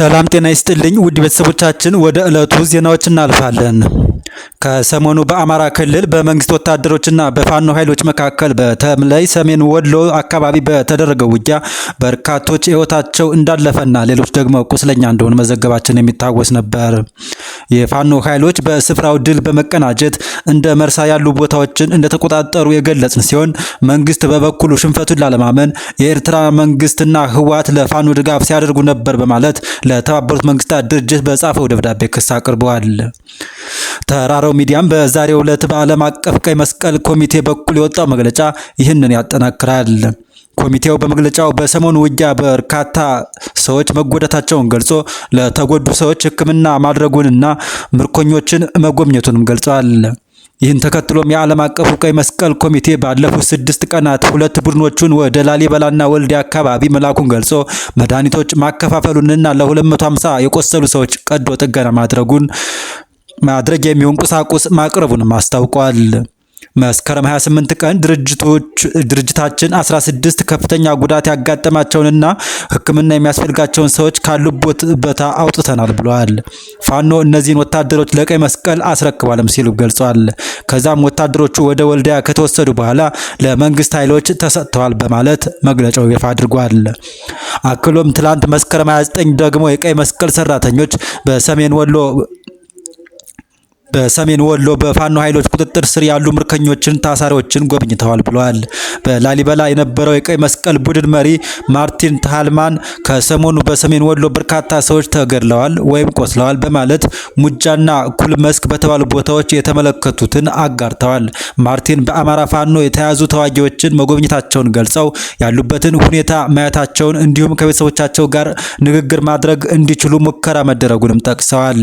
ሰላም ጤና ይስጥልኝ ውድ ቤተሰቦቻችን፣ ወደ ዕለቱ ዜናዎች እናልፋለን። ከሰሞኑ በአማራ ክልል በመንግስት ወታደሮችና በፋኖ ኃይሎች መካከል በተምላይ ሰሜን ወሎ አካባቢ በተደረገው ውጊያ በርካቶች ህይወታቸው እንዳለፈና ሌሎች ደግሞ ቁስለኛ እንደሆኑ መዘገባችን የሚታወስ ነበር። የፋኖ ኃይሎች በስፍራው ድል በመቀናጀት እንደ መርሳ ያሉ ቦታዎችን እንደተቆጣጠሩ የገለጽን ሲሆን መንግስት በበኩሉ ሽንፈቱን ላለማመን የኤርትራ መንግስትና ህወሓት ለፋኖ ድጋፍ ሲያደርጉ ነበር በማለት ለተባበሩት መንግስታት ድርጅት በጻፈው ደብዳቤ ክስ አቅርበዋል። ተራራው ሚዲያም በዛሬው ዕለት በዓለም አቀፍ ቀይ መስቀል ኮሚቴ በኩል የወጣው መግለጫ ይህንን ያጠናክራል። ኮሚቴው በመግለጫው በሰሞኑ ውጊያ በርካታ ሰዎች መጎዳታቸውን ገልጾ ለተጎዱ ሰዎች ሕክምና ማድረጉንና ምርኮኞችን መጎብኘቱንም ገልጿል። ይህን ተከትሎም የዓለም አቀፉ ቀይ መስቀል ኮሚቴ ባለፉት ስድስት ቀናት ሁለት ቡድኖቹን ወደ ላሊበላና ወልዲያ አካባቢ መላኩን ገልጾ መድኃኒቶች ማከፋፈሉንና ለ250 የቆሰሉ ሰዎች ቀዶ ጥገና ማድረጉን ማድረግ የሚሆን ቁሳቁስ ማቅረቡንም አስታውቋል። መስከረም 28 ቀን ድርጅቶች ድርጅታችን 16 ከፍተኛ ጉዳት ያጋጠማቸውንና ሕክምና የሚያስፈልጋቸውን ሰዎች ካሉበት ቦታ አውጥተናል ብለዋል። ፋኖ እነዚህን ወታደሮች ለቀይ መስቀል አስረክባለም ሲሉ ገልጿል። ከዛም ወታደሮቹ ወደ ወልዲያ ከተወሰዱ በኋላ ለመንግስት ኃይሎች ተሰጥተዋል በማለት መግለጫው ይፋ አድርጓል። አክሎም ትላንት መስከረም 29 ደግሞ የቀይ መስቀል ሰራተኞች በሰሜን ወሎ በሰሜን ወሎ በፋኖ ኃይሎች ቁጥጥር ስር ያሉ ምርኮኞችን፣ ታሳሪዎችን ጎብኝተዋል ብለዋል። በላሊበላ የነበረው የቀይ መስቀል ቡድን መሪ ማርቲን ታልማን ከሰሞኑ በሰሜን ወሎ በርካታ ሰዎች ተገድለዋል ወይም ቆስለዋል በማለት ሙጃና ኩል መስክ በተባሉ ቦታዎች የተመለከቱትን አጋርተዋል። ማርቲን በአማራ ፋኖ የተያዙ ተዋጊዎችን መጎብኘታቸውን ገልጸው ያሉበትን ሁኔታ ማየታቸውን እንዲሁም ከቤተሰቦቻቸው ጋር ንግግር ማድረግ እንዲችሉ ሙከራ መደረጉንም ጠቅሰዋል።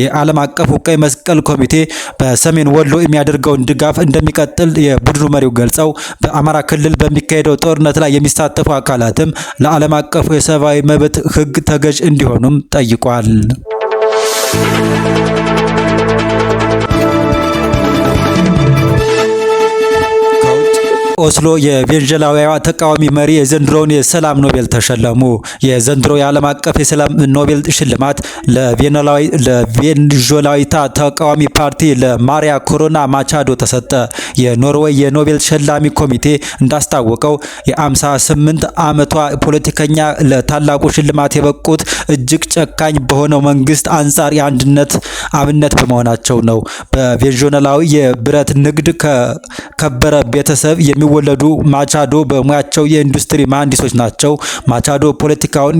የዓለም አቀፉ ቀይ መስቀል መስቀል ኮሚቴ በሰሜን ወሎ የሚያደርገውን ድጋፍ እንደሚቀጥል የቡድኑ መሪው ገልጸው በአማራ ክልል በሚካሄደው ጦርነት ላይ የሚሳተፉ አካላትም ለዓለም አቀፉ የሰብአዊ መብት ሕግ ተገዥ እንዲሆኑም ጠይቋል። ኦስሎ የቬንጀላዊያዋ ተቃዋሚ መሪ የዘንድሮውን የሰላም ኖቤል ተሸለሙ። የዘንድሮ የዓለም አቀፍ የሰላም ኖቤል ሽልማት ለቬንዙዌላዊቷ ተቃዋሚ ፓርቲ ለማሪያ ኮሮና ማቻዶ ተሰጠ። የኖርዌይ የኖቤል ሸላሚ ኮሚቴ እንዳስታወቀው የ58 ዓመቷ ፖለቲከኛ ለታላቁ ሽልማት የበቁት እጅግ ጨካኝ በሆነው መንግስት አንጻር የአንድነት አብነት በመሆናቸው ነው። በቬንዙዌላዊ የብረት ንግድ ከከበረ ቤተሰብ የሚ የሚወለዱ ማቻዶ በሙያቸው የኢንዱስትሪ መሀንዲሶች ናቸው። ማቻዶ ፖለቲካውን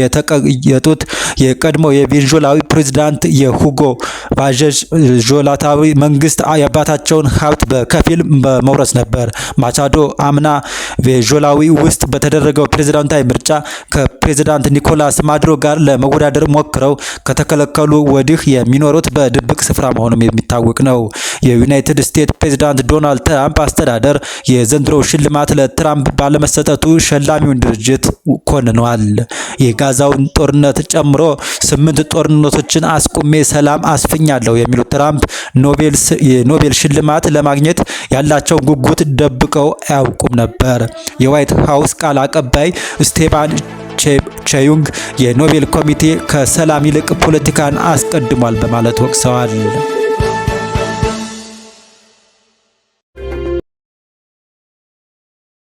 የተቀየጡት የቀድሞ የቬንዙዌላዊ ፕሬዚዳንት የሁጎ ባዠስ ዦላታዊ መንግስት የአባታቸውን ሀብት በከፊል በመውረስ ነበር። ማቻዶ አምና ቬንዙዌላዊ ውስጥ በተደረገው ፕሬዚዳንታዊ ምርጫ ከፕሬዚዳንት ኒኮላስ ማድሮ ጋር ለመወዳደር ሞክረው ከተከለከሉ ወዲህ የሚኖሩት በድብቅ ስፍራ መሆኑም የሚታወቅ ነው። የዩናይትድ ስቴትስ ፕሬዚዳንት ዶናልድ ትራምፕ አስተዳደር የዘንድሮ ሽልማት ለትራምፕ ባለመሰጠቱ ሸላሚውን ድርጅት ኮንኗል። የጋዛውን ጦርነት ጨምሮ ስምንት ጦርነቶችን አስቁሜ ሰላም አስፍኛለሁ የሚሉት ትራምፕ የኖቤል ሽልማት ለማግኘት ያላቸውን ጉጉት ደብቀው አያውቁም ነበር። የዋይት ሀውስ ቃል አቀባይ ስቴፋን ቼዩንግ የኖቤል ኮሚቴ ከሰላም ይልቅ ፖለቲካን አስቀድሟል በማለት ወቅሰዋል።